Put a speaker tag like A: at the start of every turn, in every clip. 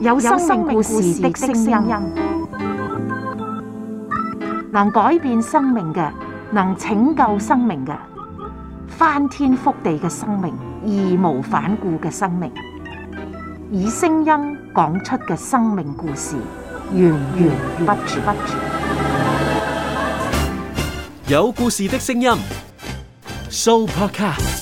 A: 有生命故事的聲音，能改變生命嘅，能拯救生命嘅，翻天覆地嘅生命，義無反顧嘅生命，以聲音講出嘅生命故事，源源不絕。有故事的聲音，Supercar。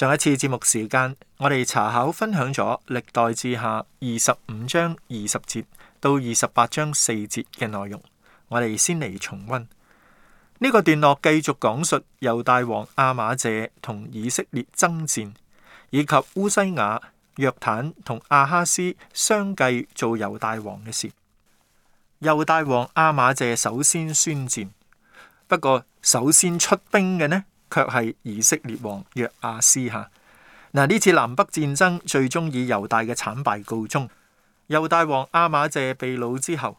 A: 上一次節目時間，我哋查考分享咗歷代志下二十五章二十節到二十八章四節嘅內容，我哋先嚟重温呢、這個段落，繼續講述猶大王亞瑪謝同以色列爭戰，以及烏西雅、約坦同亞哈斯相繼做猶大王嘅事。猶大王亞瑪謝首先宣戰，不過首先出兵嘅呢？卻係以色列王約阿斯吓，嗱，呢次南北戰爭最終以猶大嘅慘敗告終。猶大王亞瑪謝被擄之後，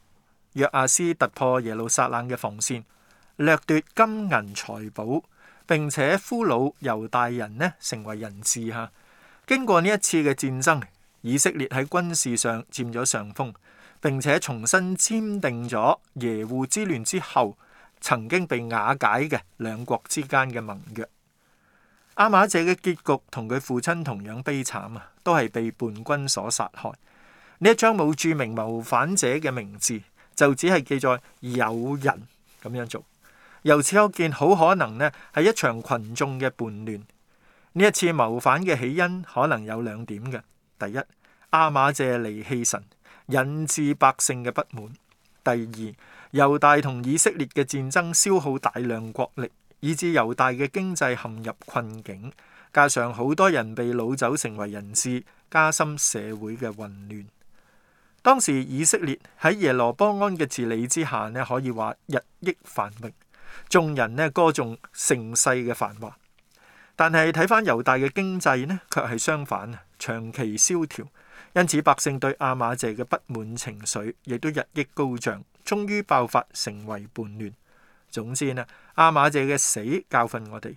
A: 約阿斯突破耶路撒冷嘅防線，掠奪金銀財寶，並且俘虜猶大人呢，成為人質吓。經過呢一次嘅戰爭，以色列喺軍事上佔咗上風，並且重新簽訂咗耶戶之亂之後。曾經被瓦解嘅兩國之間嘅盟約，亞瑪謝嘅結局同佢父親同樣悲慘啊，都係被叛軍所殺害。呢一章冇註明謀反者嘅名字，就只係記載有人咁樣做。由此可見，好可能呢係一場群眾嘅叛亂。呢一次謀反嘅起因可能有兩點嘅：第一，亞瑪謝離棄神，引致百姓嘅不滿；第二。猶大同以色列嘅戰爭消耗大量國力，以致猶大嘅經濟陷入困境。加上好多人被擄走成為人質，加深社會嘅混亂。當時以色列喺耶羅波安嘅治理之下咧，可以話日益繁榮，眾人咧歌頌盛世嘅繁華。但係睇翻猶大嘅經濟咧，却係相反，長期蕭條。因此，百姓對亞瑪謝嘅不滿情緒亦都日益高漲。終於爆發，成為叛亂。總之呢，阿馬謝嘅死教訓我哋，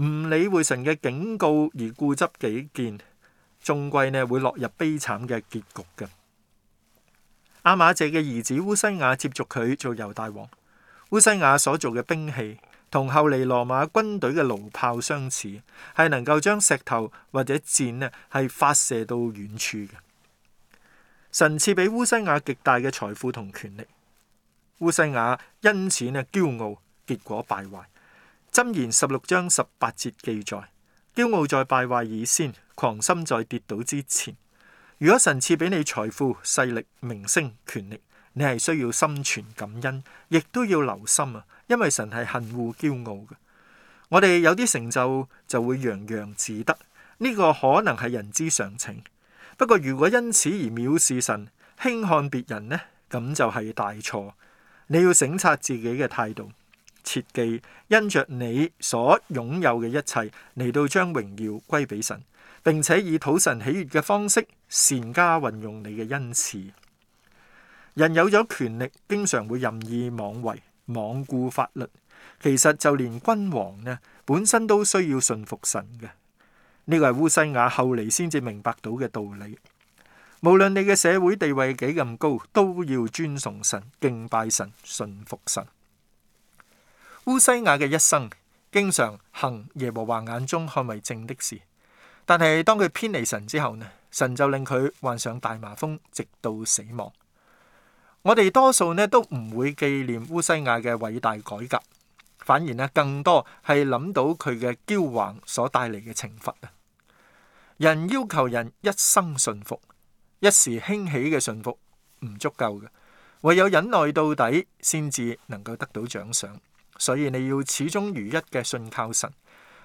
A: 唔理會神嘅警告而固執己見，終歸咧會落入悲慘嘅結局嘅。阿馬謝嘅兒子烏西亞接續佢做猶大王。烏西亞所做嘅兵器同後嚟羅馬軍隊嘅弩炮相似，係能夠將石頭或者箭咧係發射到遠處嘅。神賜俾烏西亞極大嘅財富同權力。烏西雅因此呢驕傲，結果敗壞。箴言十六章十八節記載：驕傲在敗壞以先，狂心在跌倒之前。如果神賜俾你財富、勢力、名聲、權力，你係需要心存感恩，亦都要留心啊，因為神係恨惡驕傲嘅。我哋有啲成就就會洋洋自得，呢個可能係人之常情。不過如果因此而藐視神、輕看別人呢，咁就係大錯。你要省察自己嘅態度，切記因着你所擁有嘅一切嚟到將榮耀歸俾神，並且以討神喜悅嘅方式善加運用你嘅恩賜。人有咗權力，經常會任意妄為、罔顧法律。其實就連君王呢，本身都需要順服神嘅。呢個係烏西雅後嚟先至明白到嘅道理。無論你嘅社會地位幾咁高，都要尊崇神、敬拜神、信服神。烏西亞嘅一生經常行耶和華眼中看為正的事，但係當佢偏離神之後呢，神就令佢患上大麻風，直到死亡。我哋多數呢都唔會紀念烏西亞嘅偉大改革，反而呢更多係諗到佢嘅驕橫所帶嚟嘅懲罰啊！人要求人一生信服。一時興起嘅信服唔足夠嘅，唯有忍耐到底，先至能夠得到獎賞。所以你要始終如一嘅信靠神，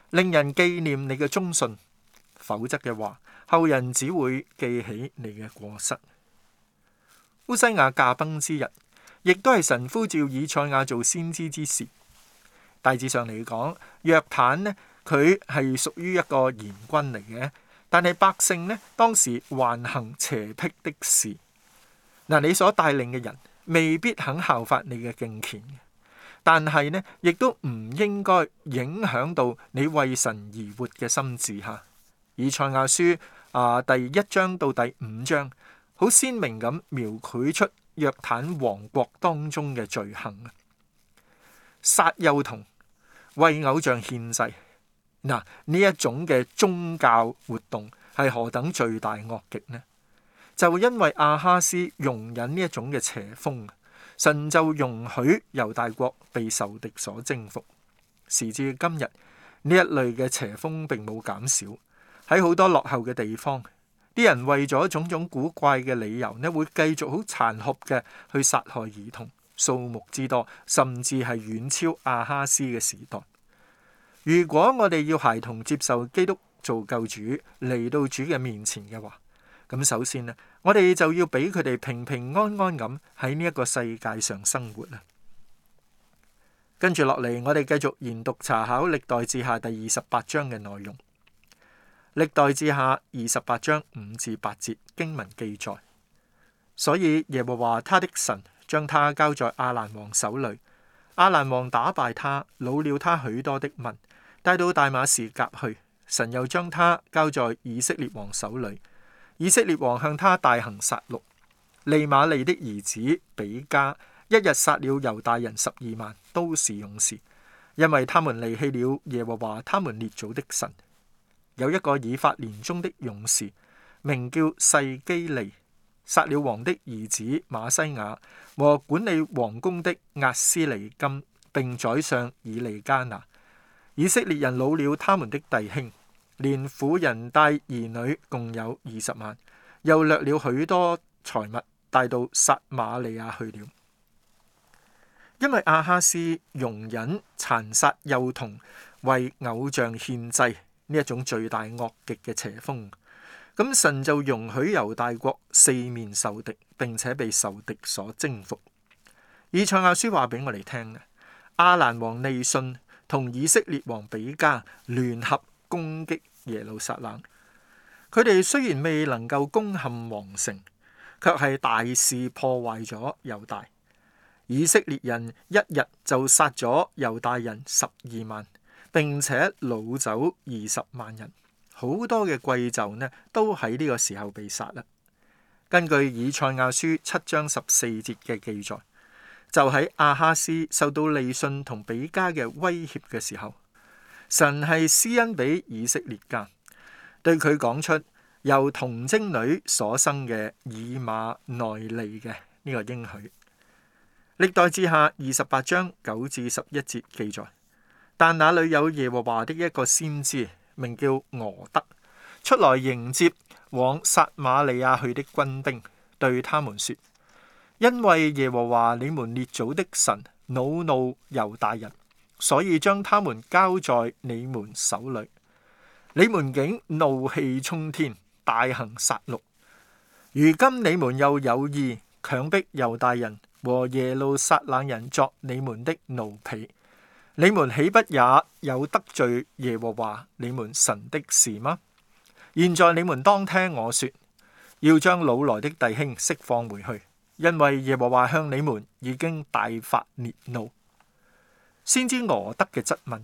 A: 令人紀念你嘅忠信。否則嘅話，後人只會記起你嘅過失。烏西亞駕崩之日，亦都係神呼召以賽亞做先知之時。大致上嚟講，約坦呢佢係屬於一個賢君嚟嘅。但係百姓呢，當時還行邪僻的事。嗱，你所帶領嘅人未必肯效法你嘅敬虔，但係呢，亦都唔應該影響到你為神而活嘅心智嚇。以賽亞書啊，第一章到第五章，好鮮明咁描繪出約坦王國當中嘅罪行啊，殺幼童、為偶像獻祭。嗱，呢一種嘅宗教活動係何等罪大惡極呢？就因為亞哈斯容忍呢一種嘅邪風，神就容許猶大國被受敵所征服。時至今日，呢一類嘅邪風並冇減少，喺好多落後嘅地方，啲人為咗種種古怪嘅理由，呢會繼續好殘酷嘅去殺害兒童，數目之多，甚至係遠超亞哈斯嘅時代。如果我哋要孩童接受基督做救主，嚟到主嘅面前嘅話，咁首先呢，我哋就要俾佢哋平平安安咁喺呢一個世界上生活啦。跟住落嚟，我哋繼續研讀查考《歷代志下》第二十八章嘅內容，《歷代志下》二十八章五至八節經文記載，所以耶和華他的神將他交在亞蘭王手裏，亞蘭王打敗他，擄了他許多的民。帶到大馬士革去，神又將他交在以色列王手裏。以色列王向他大行殺戮。利瑪利的兒子比加，一日殺了猶大人十二萬，都是勇士，因為他們離棄了耶和華他們列祖的神。有一個以法蓮中的勇士名叫細基利，殺了王的兒子瑪西雅和管理王宮的押斯利干，並宰相以利加拿。以色列人老了，他們的弟兄、連婦人帶兒女共有二十萬，又掠了很多財物，帶到撒瑪利亞去了。因為阿哈斯容忍殘殺幼童、為偶像獻祭呢一種最大惡極嘅邪風，咁神就容許猶大國四面受敵，並且被受敵所征服。以賽亞書話俾我哋聽咧，亞蘭王利汛。」同以色列王比加聯合攻擊耶路撒冷，佢哋雖然未能夠攻陷皇城，卻係大肆破壞咗猶大。以色列人一日就殺咗猶大人十二萬，並且擄走二十萬人，好多嘅貴胄呢都喺呢個時候被殺啦。根據以賽亞書七章十四節嘅記載。就喺亞哈斯受到利汛同比加嘅威脅嘅時候，神係施恩俾以色列家，對佢講出由童貞女所生嘅以馬內利嘅呢、這個應許。歷代志下二十八章九至十一節記載，但那裏有耶和華的一個先知，名叫俄德，出來迎接往撒瑪利亞去的軍兵，對他們說。因為耶和華你們列祖的神惱怒猶大人，所以將他們交在你們手裏。你們竟怒氣沖天，大行殺戮。如今你們又有意強迫猶大人和耶路撒冷人作你們的奴婢，你們豈不也有得罪耶和華你們神的事嗎？現在你們當聽我說，要將老來的弟兄釋放回去。因為耶和華向你們已經大發烈怒，先知俄德嘅質問，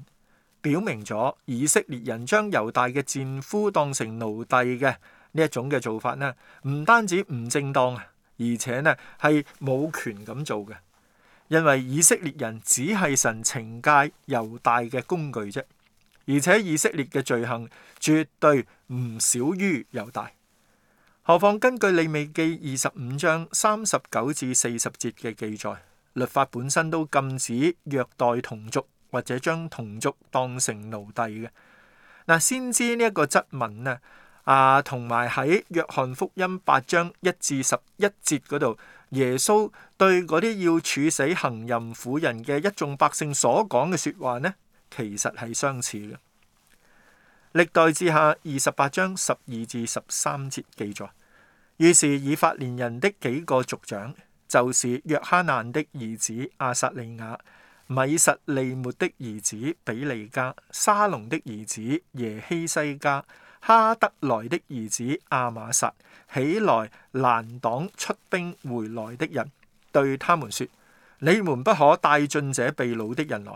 A: 表明咗以色列人將猶大嘅戰俘當成奴隸嘅呢一種嘅做法咧，唔單止唔正當，而且咧係冇權咁做嘅。因為以色列人只係神懲戒猶大嘅工具啫，而且以色列嘅罪行絕對唔少於猶大。何況根據《利未記》二十五章三十九至四十節嘅記載，律法本身都禁止虐待同族或者將同族當成奴隸嘅。嗱，先知呢一個質問呢，啊，同埋喺《約翰福音》八章一至十一節嗰度，耶穌對嗰啲要處死行淫婦人嘅一眾百姓所講嘅説話呢，其實係相似嘅。歷代志下二十八章十二至十三節記載，於是以法蓮人的幾個族長，就是約哈難的兒子亞撒利雅、米實利末的兒子比利加、沙龍的兒子耶希西加、哈德萊的兒子亞瑪撒起來攔擋出兵回來的人，對他們說：你們不可帶進這秘魯的人來，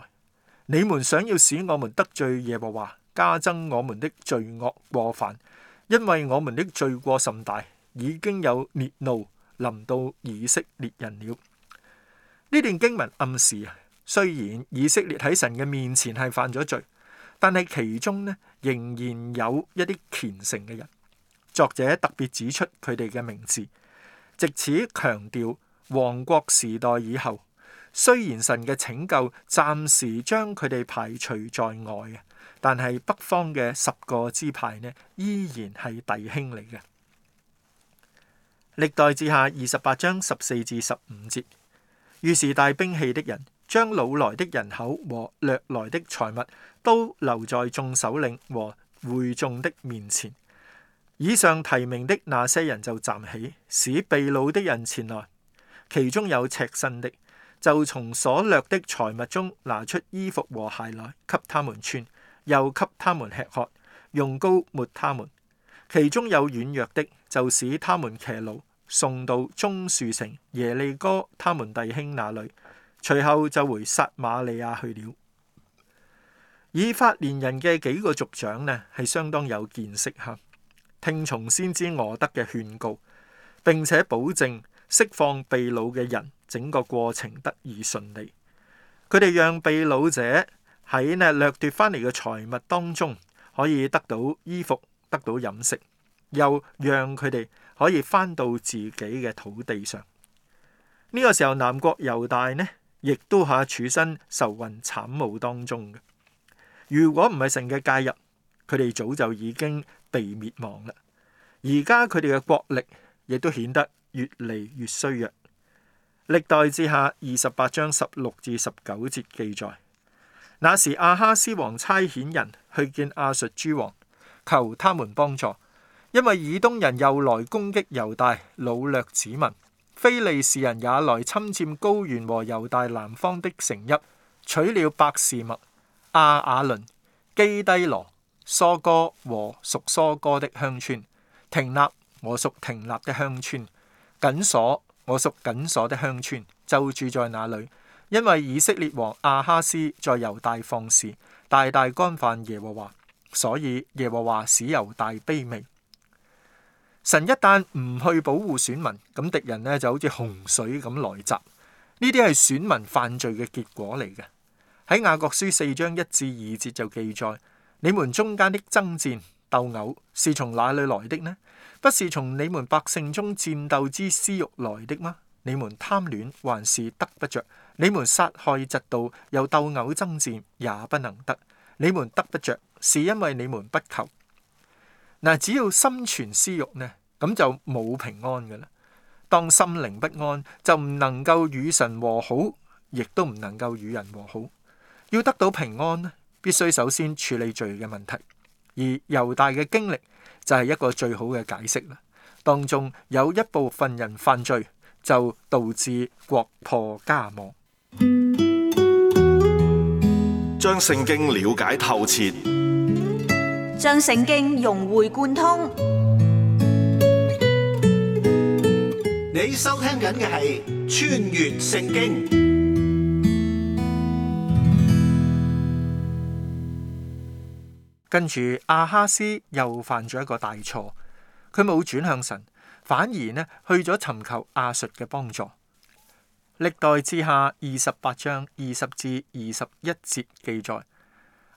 A: 你們想要使我們得罪耶和華。加增我們的罪惡過犯，因為我們的罪過甚大，已經有烈怒臨到以色列人了。呢段經文暗示啊，雖然以色列喺神嘅面前係犯咗罪，但係其中呢仍然有一啲虔誠嘅人。作者特別指出佢哋嘅名字，借此強調王國時代以後，雖然神嘅拯救暫時將佢哋排除在外啊。但係北方嘅十個支派呢，依然係弟兄嚟嘅。歷代志下二十八章十四至十五節，於是帶兵器的人將擄來的人口和掠來的財物都留在眾首領和會眾的面前。以上提名的那些人就站起，使被擄的人前來，其中有赤身的，就從所掠的財物中拿出衣服和鞋來給他們穿。又給他們吃喝，用膏抹他們，其中有軟弱的，就使他們騎驢送到棕樹城耶利哥他們弟兄那裏，隨後就回撒瑪利亞去了。以法蓮人嘅幾個族長呢，係相當有見識哈，聽從先知俄德嘅勸告，並且保證釋放被擄嘅人，整個過程得以順利。佢哋讓被擄者。喺掠奪翻嚟嘅財物當中，可以得到衣服，得到飲食，又讓佢哋可以翻到自己嘅土地上。呢個時候，南國猶大呢，亦都係處身愁運慘霧當中嘅。如果唔係神嘅介入，佢哋早就已經被滅亡啦。而家佢哋嘅國力亦都顯得越嚟越衰弱。歷代志下二十八章十六至十九節記載。那時亞哈斯王差遣人去見亞述諸王，求他們幫助，因為以東人又來攻擊猶大，擄掠子民；非利士人也來侵占高原和猶大南方的城邑，取了伯示麥、亞雅倫、基低羅、梭哥和屬梭哥的鄉村，亭納我屬亭納的鄉村，緊鎖我屬緊鎖的鄉村，就住在那裏。因為以色列王亞哈斯在猶大放肆，大大干犯耶和華，所以耶和華使猶大卑微。神一旦唔去保護選民，咁敵人呢就好似洪水咁來襲。呢啲係選民犯罪嘅結果嚟嘅。喺雅各書四章一至二節就記載：你們中間的爭戰鬥毆是從哪裏來的呢？不是從你們百姓中戰鬥之私欲來的嗎？你們貪戀還是得不着？你們殺害嫉妒，又鬥毆爭戰，也不能得。你們得不着，是因為你們不求。嗱，只要心存私欲呢，咁就冇平安噶啦。當心靈不安，就唔能夠與神和好，亦都唔能夠與人和好。要得到平安呢，必須首先處理罪嘅問題。而猶大嘅經歷就係一個最好嘅解釋啦。當中有一部分人犯罪，就導致國破家亡。將聖經了解透徹、嗯，將聖經融會貫通。你收聽緊嘅係《穿越聖經》。跟住亞哈斯又犯咗一個大錯，佢冇轉向神，反而咧去咗尋求亞述嘅幫助。歷代志下二十八章二十至二十一節記載，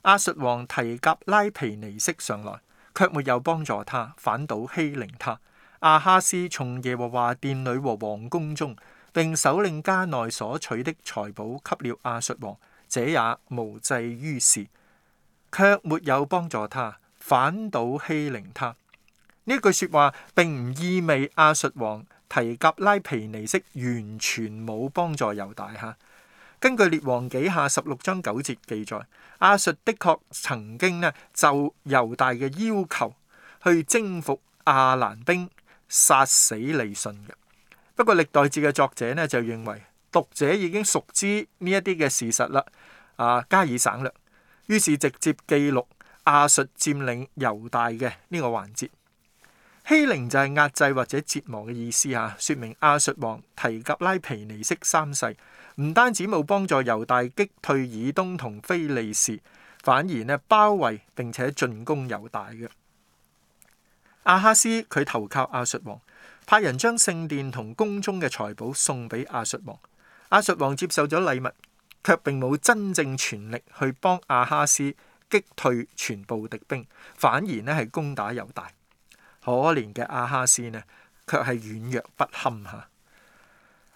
A: 亞述王提革拉毘尼色上來，卻沒有幫助他，反倒欺凌他。阿哈斯從耶和華殿裡和王宮中，並首領家內所取的財寶，給了亞述王，這也無濟於事，卻沒有幫助他，反倒欺凌他。呢句說話，並唔意味亞述王，提甲拉皮尼色完全冇幫助猶大吓。根據《列王紀下》十六章九節記載，亞述的確曾經呢就猶大嘅要求去征服亞蘭兵，殺死利汛嘅。不過歷代志嘅作者呢就認為讀者已經熟知呢一啲嘅事實啦，啊，加以省略，於是直接記錄亞述佔領猶大嘅呢個環節。欺凌就係壓制或者折磨嘅意思嚇、啊，說明亞述王提格拉皮尼色三世唔單止冇幫助猶大擊退以東同非利士，反而呢包圍並且進攻猶大嘅。阿哈斯佢投靠亞述王，派人將聖殿同宮中嘅財寶送俾亞述王。亞述王接受咗禮物，卻並冇真正全力去幫阿哈斯擊退全部敵兵，反而呢係攻打猶大。可憐嘅阿哈斯呢，卻係軟弱不堪哈。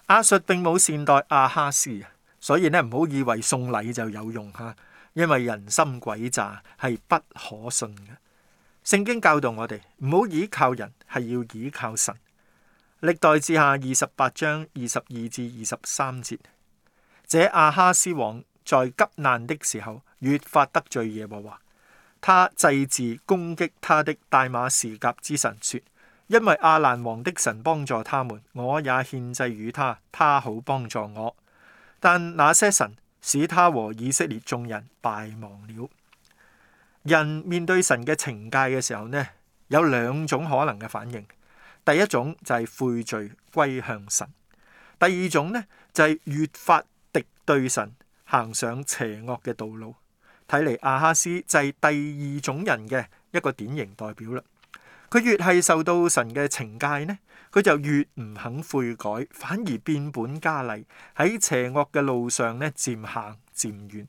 A: 阿術並冇善待阿哈斯，所以呢，唔好以為送禮就有用哈，因為人心詭詐係不可信嘅。聖經教導我哋唔好依靠人，係要依靠神。歷代志下二十八章二十二至二十三節，這阿哈斯王在急難的時候，越發得罪耶和華。他祭祀攻擊他的大馬士革之神說：因為亞蘭王的神幫助他們，我也獻祭與他，他好幫助我。但那些神使他和以色列眾人敗亡了。人面對神嘅懲戒嘅時候呢，有兩種可能嘅反應：第一種就係悔罪歸向神；第二種呢就係越發敵對神，行上邪惡嘅道路。睇嚟，亞哈斯就係第二種人嘅一個典型代表啦。佢越係受到神嘅懲戒呢，佢就越唔肯悔改，反而變本加厲喺邪惡嘅路上呢，漸行漸遠。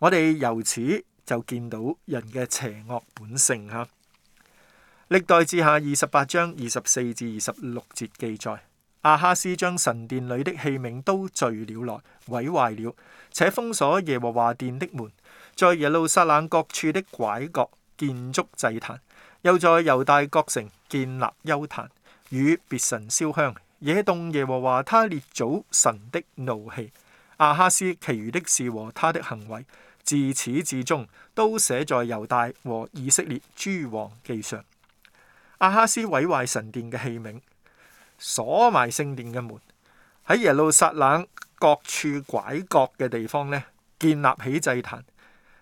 A: 我哋由此就見到人嘅邪惡本性吓。歷代志下二十八章二十四至二十六節記載，亞哈斯將神殿裏的器皿都聚了來毀壞了，且封鎖耶和華殿的門。在耶路撒冷各處的拐角建築祭壇，又在猶大各城建立邱壇，與別神燒香，惹動耶和華他列祖神的怒氣。亞哈斯其餘的事和他的行為，自始至終都寫在猶大和以色列諸王記上。亞哈斯毀壞神殿嘅器皿，鎖埋聖殿嘅門，喺耶路撒冷各處拐角嘅地方呢，建立起祭壇。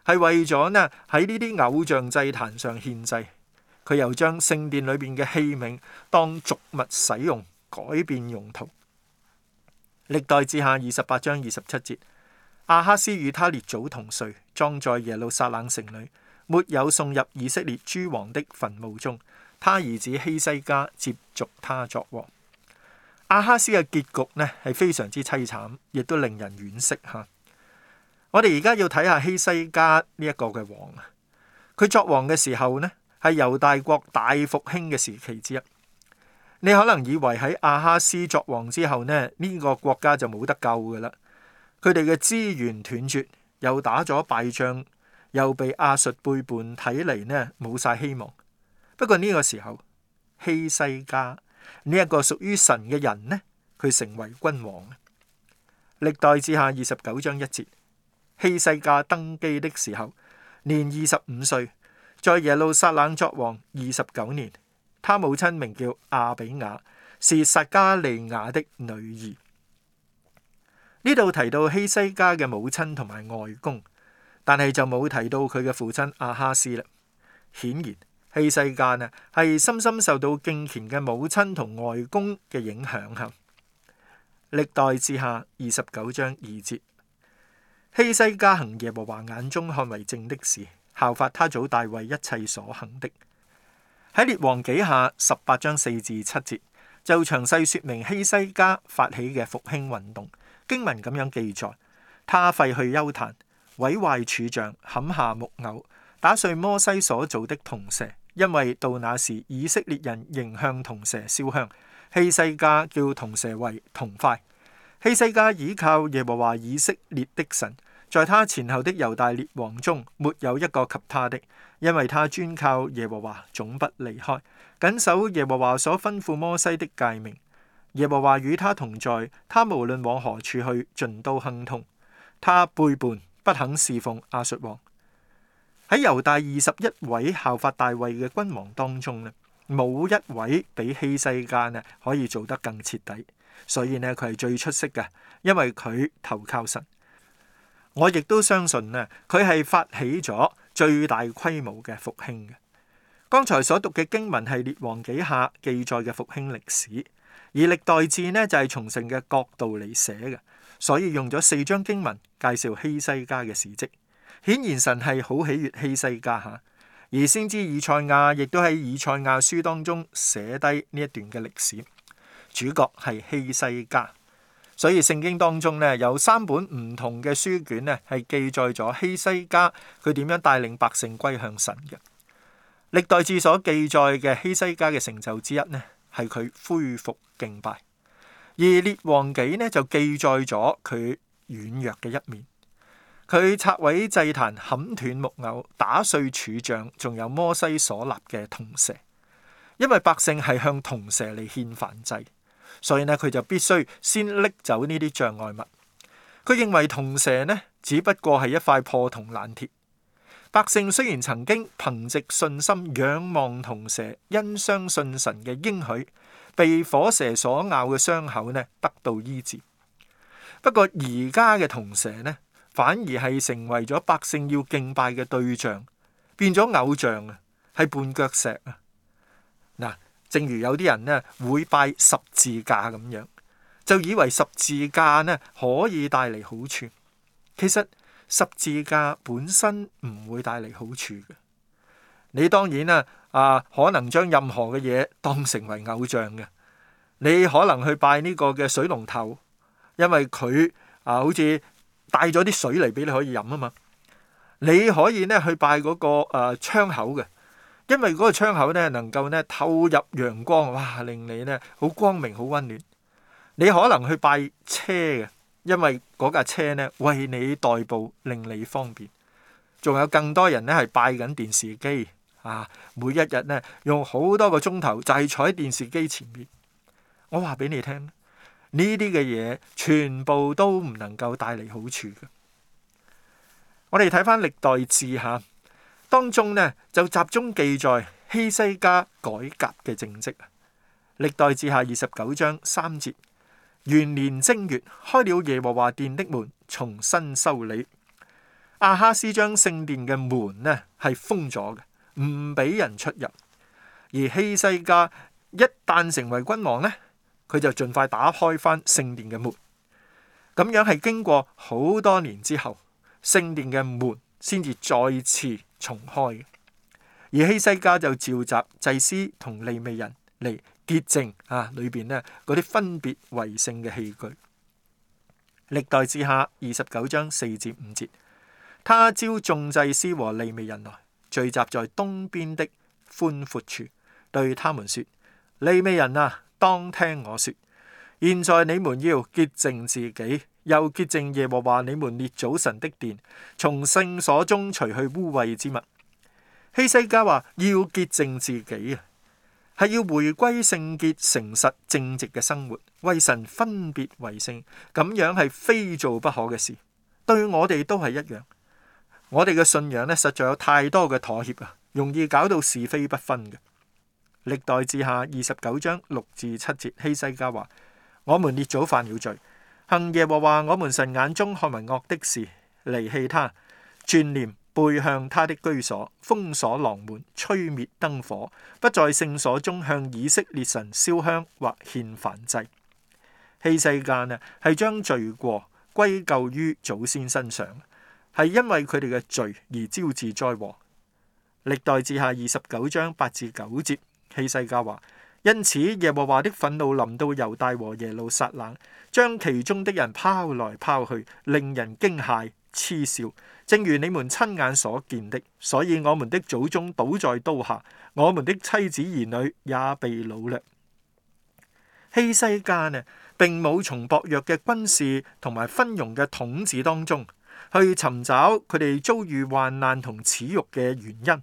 A: 係為咗呢喺呢啲偶像祭壇上獻祭，佢又將聖殿裏邊嘅器皿當俗物使用，改變用途。歷代志下二十八章二十七節：阿哈斯與他列祖同睡，葬在耶路撒冷城裏，沒有送入以色列諸王的墳墓中。他兒子希西家接續他作王。阿哈斯嘅結局呢，係非常之凄慘，亦都令人惋惜吓。我哋而家要睇下希西家呢一個嘅王啊，佢作王嘅時候呢，係猶大國大復興嘅時期之一。你可能以為喺亞哈斯作王之後呢，呢個國家就冇得救噶啦，佢哋嘅資源斷絕，又打咗敗仗，又被亞述背叛，睇嚟呢冇晒希望。不過呢個時候，希西家呢一個屬於神嘅人呢，佢成為君王。歷代志下二十九章一節。希西家登基的時候，年二十五歲，在耶路撒冷作王二十九年。他母親名叫阿比雅，是撒加利亞的女兒。呢度提到希西家嘅母親同埋外公，但係就冇提到佢嘅父親阿哈斯啦。顯然，希西家啊係深深受到敬虔嘅母親同外公嘅影響啊。歷代志下二十九章二節。希西家行耶和華眼中看為正的事，效法他祖大衛一切所行的。喺列王記下十八章四至七節就詳細說明希西家發起嘅復興運動。經文咁樣記載：他廢去邱壇，毀壞柱像，砍下木偶，打碎摩西所造的銅蛇。因為到那時以色列人仍向銅蛇燒香，希西家叫銅蛇為銅塊。希西家倚靠耶和華以色列的神。在他前後的猶大列王中，沒有一個及他的，因為他專靠耶和華，總不離開，謹守耶和華所吩咐摩西的誡命。耶和華與他同在，他無論往何處去，盡都亨通。他背叛，不肯侍奉亞述王。喺猶大二十一位效法大衛嘅君王當中咧，冇一位比希西家可以做得更徹底，所以呢，佢係最出色嘅，因為佢投靠神。我亦都相信啊，佢係發起咗最大規模嘅復興嘅。剛才所讀嘅經文係列王紀下記載嘅復興歷史，而歷代志呢就係從神嘅角度嚟寫嘅，所以用咗四章經文介紹希西家嘅史跡。顯然神係好喜悅希西家嚇，而先知以賽亞亦都喺以賽亞書當中寫低呢一段嘅歷史，主角係希西家。所以聖經當中咧，有三本唔同嘅書卷咧，係記載咗希西家佢點樣帶領百姓歸向神嘅。歷代志所記載嘅希西家嘅成就之一呢，係佢恢復敬拜。而列王紀呢，就記載咗佢軟弱嘅一面，佢拆毀祭壇，砍斷木偶，打碎柱像，仲有摩西所立嘅銅蛇，因為百姓係向銅蛇嚟獻燔祭。所以咧，佢就必須先拎走呢啲障礙物。佢認為銅蛇呢，只不過係一塊破銅爛鐵。百姓雖然曾經憑藉信心仰望銅蛇，因相信神嘅應許，被火蛇所咬嘅傷口呢，得到醫治。不過而家嘅銅蛇呢，反而係成為咗百姓要敬拜嘅對象，變咗偶像啊，係絆腳石啊。嗱。正如有啲人呢，會拜十字架咁樣，就以為十字架呢，可以帶嚟好處。其實十字架本身唔會帶嚟好處嘅。你當然啦，啊，可能將任何嘅嘢當成為偶像嘅。你可能去拜呢個嘅水龍頭，因為佢啊好似帶咗啲水嚟俾你可以飲啊嘛。你可以呢，去拜嗰個誒窗口嘅。因為嗰個窗口咧，能夠咧透入陽光，哇，令你咧好光明、好溫暖。你可能去拜車嘅，因為嗰架車咧為你代步，令你方便。仲有更多人咧係拜緊電視機啊！每一日咧用好多個鐘頭，就係坐喺電視機前面。我話俾你聽，呢啲嘅嘢全部都唔能夠帶嚟好處嘅。我哋睇翻歷代志下。當中呢就集中記載希西家改革嘅政績啊，歷代志下二十九章三節，元年正月開了耶和華殿的門，重新修理。亞哈斯將聖殿嘅門呢係封咗嘅，唔俾人出入。而希西家一旦成為君王呢，佢就盡快打開翻聖殿嘅門。咁樣係經過好多年之後，聖殿嘅門先至再次重開，而希西家就召集祭司同利未人嚟潔淨啊裏邊咧嗰啲分別為聖嘅器具。歷代志下二十九章四至五節，他召眾祭司和利未人來聚集在東邊的寬闊處，對他們說：利未人啊，當聽我說，現在你們要潔淨自己。又潔淨耶和華你們列祖神的殿，從聖所中除去污穢之物。希西家話：要潔淨自己啊，係要回歸聖潔、誠實、正直嘅生活，為神分別為聖。咁樣係非做不可嘅事，對我哋都係一樣。我哋嘅信仰呢，實在有太多嘅妥協啊，容易搞到是非不分嘅。歷代志下二十九章六至七節，希西家話：我們列祖犯了罪。行耶和華我們神眼中看為惡，惡的事，離棄他，轉念背向他的居所，封鎖廊門，吹滅燈火，不在聖所中向以色列神燒香或獻燔祭。希西家啊，係將罪過歸咎於祖先身上，係因為佢哋嘅罪而招致災禍。歷代志下二十九章八至九節，希西家話。因此，耶和華的憤怒臨到猶大和耶路撒冷，將其中的人拋來拋去，令人驚駭、嗤笑，正如你們親眼所見的。所以，我們的祖宗倒在刀下，我們的妻子兒女也被擄掠。希西，西家呢，並冇從薄弱嘅軍事同埋昏庸嘅統治當中去尋找佢哋遭遇患難同恥辱嘅原因，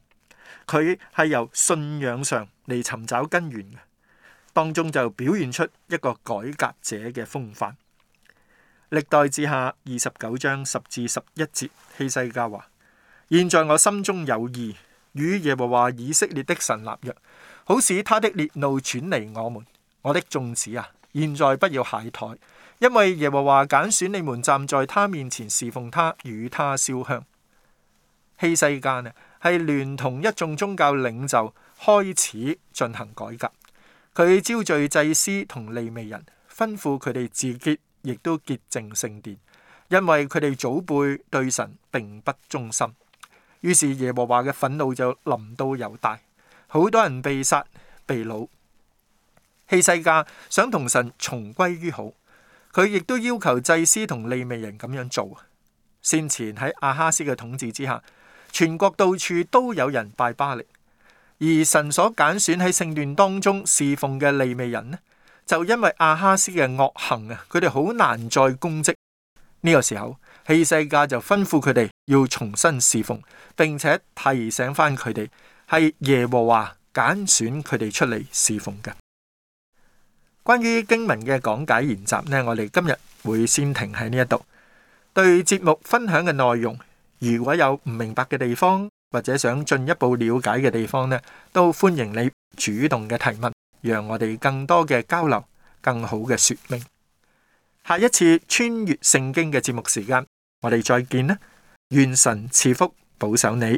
A: 佢係由信仰上嚟尋找根源。當中就表現出一個改革者嘅風範。歷代志下二十九章十至十一節，希西家話：現在我心中有意，與耶和華以色列的神立約，好使他的烈怒轉離我們。我的眾子啊，現在不要懈怠，因為耶和華揀選你們站在他面前侍奉他，與他燒香。希西家啊，係聯同一眾宗教領袖開始進行改革。佢招聚祭司同利未人，吩咐佢哋自潔，亦都潔淨聖殿，因為佢哋祖輩對神並不忠心。於是耶和華嘅憤怒就臨到猶大，好多人被殺被擄。希西家想同神重歸於好，佢亦都要求祭司同利未人咁樣做。先前喺阿哈斯嘅統治之下，全國到處都有人拜巴力。而神所揀選喺聖殿當中侍奉嘅利未人呢，就因為亞哈斯嘅惡行啊，佢哋好難再供職。呢個時候，希西家就吩咐佢哋要重新侍奉，並且提醒翻佢哋係耶和華揀選佢哋出嚟侍奉嘅。關於經文嘅講解研習呢，我哋今日會先停喺呢一度。對節目分享嘅內容，如果有唔明白嘅地方，或者想進一步了解嘅地方咧，都歡迎你主動嘅提問，讓我哋更多嘅交流，更好嘅說明。下一次穿越聖經嘅節目時間，我哋再見啦！願神賜福保守你。